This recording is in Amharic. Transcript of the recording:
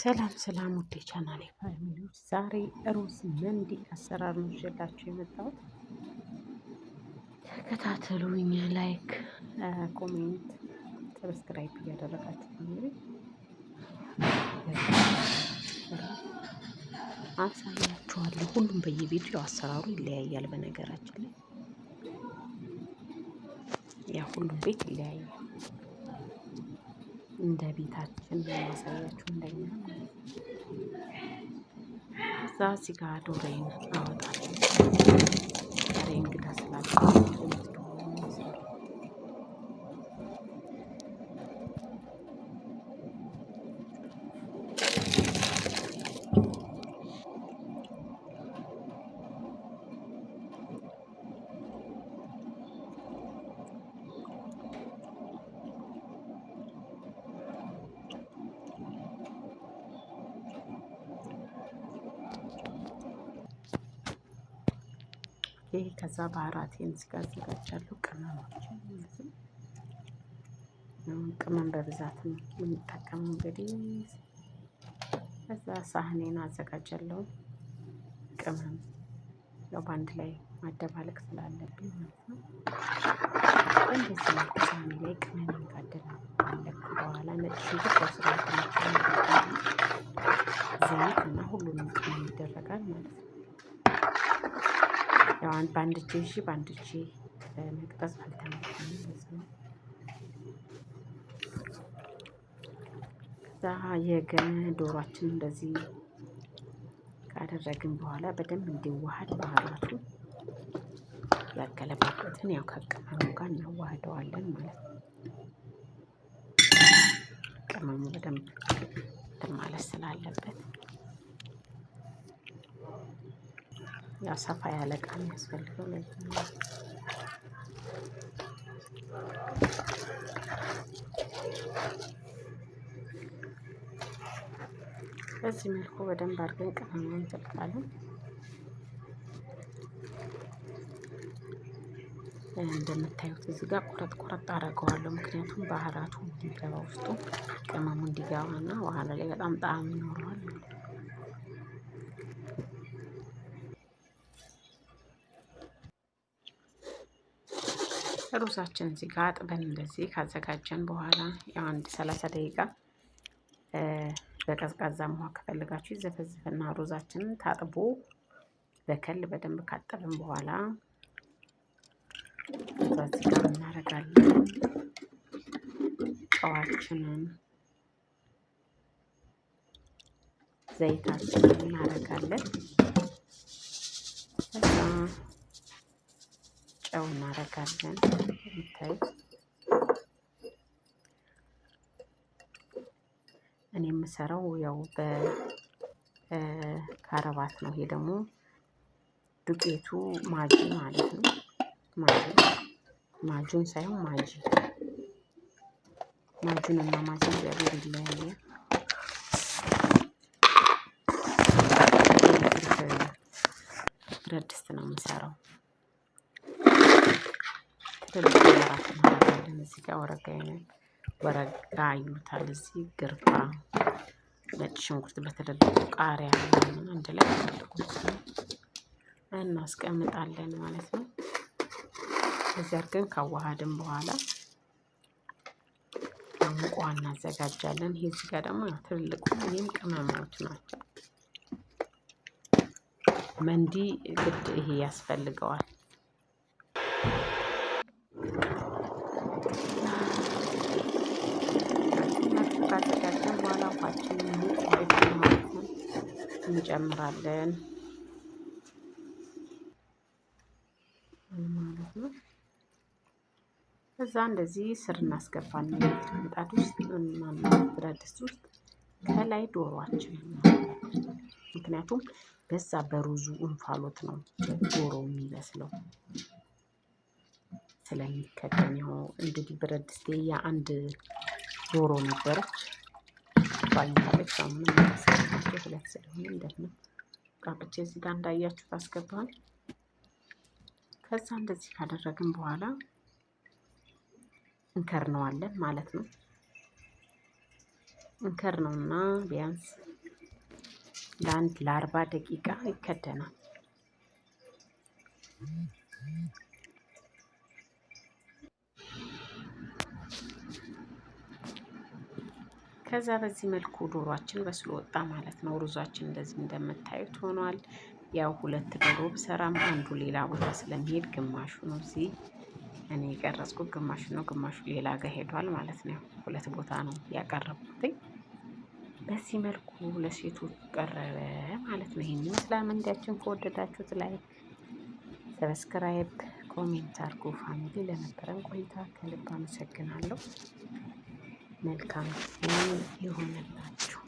ሰላም ሰላም ውዴ ቻናሌ ፋሚሊዎች፣ ዛሬ ሩዝ መንዲ አሰራር ነው ይዤላችሁ የመጣሁት። ተከታተሉኝ። ላይክ፣ ኮሜንት፣ ሰብስክራይብ እያደረጋችሁ እንግዲህ አሳያችኋለሁ። ሁሉም በየቤቱ ያው አሰራሩ ይለያያል። በነገራችን ላይ ያ ሁሉም ቤት ይለያያል። እንደ ቤታችን ለማሳያችሁ እንደኛ እዛ ሲጋ ዶሬን አወጣለሁ። ይሄ ከዛ ባህራቴን እዚጋ አዘጋጃለሁ። ቅመሞችን ቅመም በብዛት የምንጠቀመው እንግዲህ ከዛ ሳህኔን አዘጋጃለሁ። ቅመም ያው በአንድ ላይ ማደባለቅ ስላለብኝ ማለት ነው። እንደዚህ መልኩ ሳህኔ ላይ ቅመም ካደባለኩ በኋላ ነጭ ሽንኩርት በስራ ዘይት እና ሁሉንም ቅመም ይደረጋል ማለት ነው። ያው በአንድ እጄ እሺ፣ በአንድ እጄ መቅጠጽ አልተመቸኝ ማለት ነው። ከዛ የገነ ዶሯችን እንደዚህ ካደረግን በኋላ በደንብ እንዲዋሃድ ባህራቱ ያገለባበትን ያው ከቅመሙ ጋር እናዋህደዋለን ማለት ነው። ቅመሙ በደንብ ማለት ስላለበት ያው ሰፋ ያለ ዕቃ የሚያስፈልገው ለዚህ ነው። በዚህ መልኩ በደንብ አድርገን ቅመም እንጥልቃለን። እንደምታዩት እዚህ ጋር ቆረጥ ቆረጥ አደርገዋለሁ፣ ምክንያቱም ባህራቱ እንዲገባ ውስጡ ቅመሙ እንዲገባ እና በኋላ ላይ በጣም ጣዕም ይኖረዋል። ሩዛችን እዚህ ጋር አጥበን እንደዚህ ካዘጋጀን በኋላ ያው አንድ ሰላሳ ደቂቃ በቀዝቃዛ ውሃ ከፈልጋችሁ ይዘፈዝፍና ሩዛችን ታጥቦ በከል በደንብ ካጠብን በኋላ እዚህ ጋር እናደርጋለን። ጨዋችንን ዘይታችንን እናደርጋለን። ጨው እናደርጋለን። ይታይ እኔ የምሰራው ያው በካረባት ነው። ይሄ ደግሞ ዱቄቱ ማጂ ማለት ነው። ማጂ ማጁን ሳይሆን ማጂ ማጁን እና ማጂ እግዚአብሔር ይለያየ። ብረት ድስት ነው የምሰራው። ትልቅ ወራት እናደርጋለን። እዚህ ጋር ወረጋይን ወረጋ ይሉታል። እዚህ ግርፋ፣ ነጭ ሽንኩርት በተደረገ ቃሪያ ምናምን አንድ ላይ ተደርጎት እናስቀምጣለን ማለት ነው። እዚህ አድርገን ካዋሃድን በኋላ ሙቋ እናዘጋጃለን። ይሄ እዚህ ጋር ደግሞ ትልልቁ ይህም ቅመሞች ናቸው። መንዲ ግድ ይሄ ያስፈልገዋል። እንጨምራለን ማለት ነው። እዛ እንደዚህ ስር እናስገባለን ምጣድ ውስጥ ብረት ድስት ውስጥ ከላይ ዶሮአችን ምክንያቱም በዛ በሩዙ እንፋሎት ነው ዶሮ የሚመስለው ስለሚከደን። እንግዲህ ብረት ድስቴ የአንድ ዶሮ ነበረች። ባኛለች። አሁንም የሚያስገባቸው ሁለት ስለሆነ እንደት ነው ቃቅቼ እዚህ ጋር እንዳያችሁ ታስገባል። ከዛ እንደዚህ ካደረግን በኋላ እንከርነዋለን ማለት ነው። እንከር ነውና ቢያንስ ለአንድ ለአርባ ደቂቃ ይከደናል። ከዛ በዚህ መልኩ ዶሯችን በስሎ ወጣ ማለት ነው። ሩዟችን እንደዚህ እንደምታዩት ሆኗል። ያው ሁለት ዶሮ ብሰራም አንዱ ሌላ ቦታ ስለሚሄድ ግማሹ ነው እዚህ እኔ የቀረጽኩ ግማሹ ነው፣ ግማሹ ሌላ ጋር ሄዷል ማለት ነው። ሁለት ቦታ ነው ያቀረብኩትኝ። በዚህ መልኩ ለሴቱ ቀረበ ማለት ነው። ይህን ይመስላል። መንዲያችን ከወደዳችሁት ላይ ሰብስክራይብ፣ ኮሜንት አድርጉ። ፋሚሊ ለነበረን ቆይታ ከልብ አመሰግናለሁ። መልካም ይሁንላችሁ።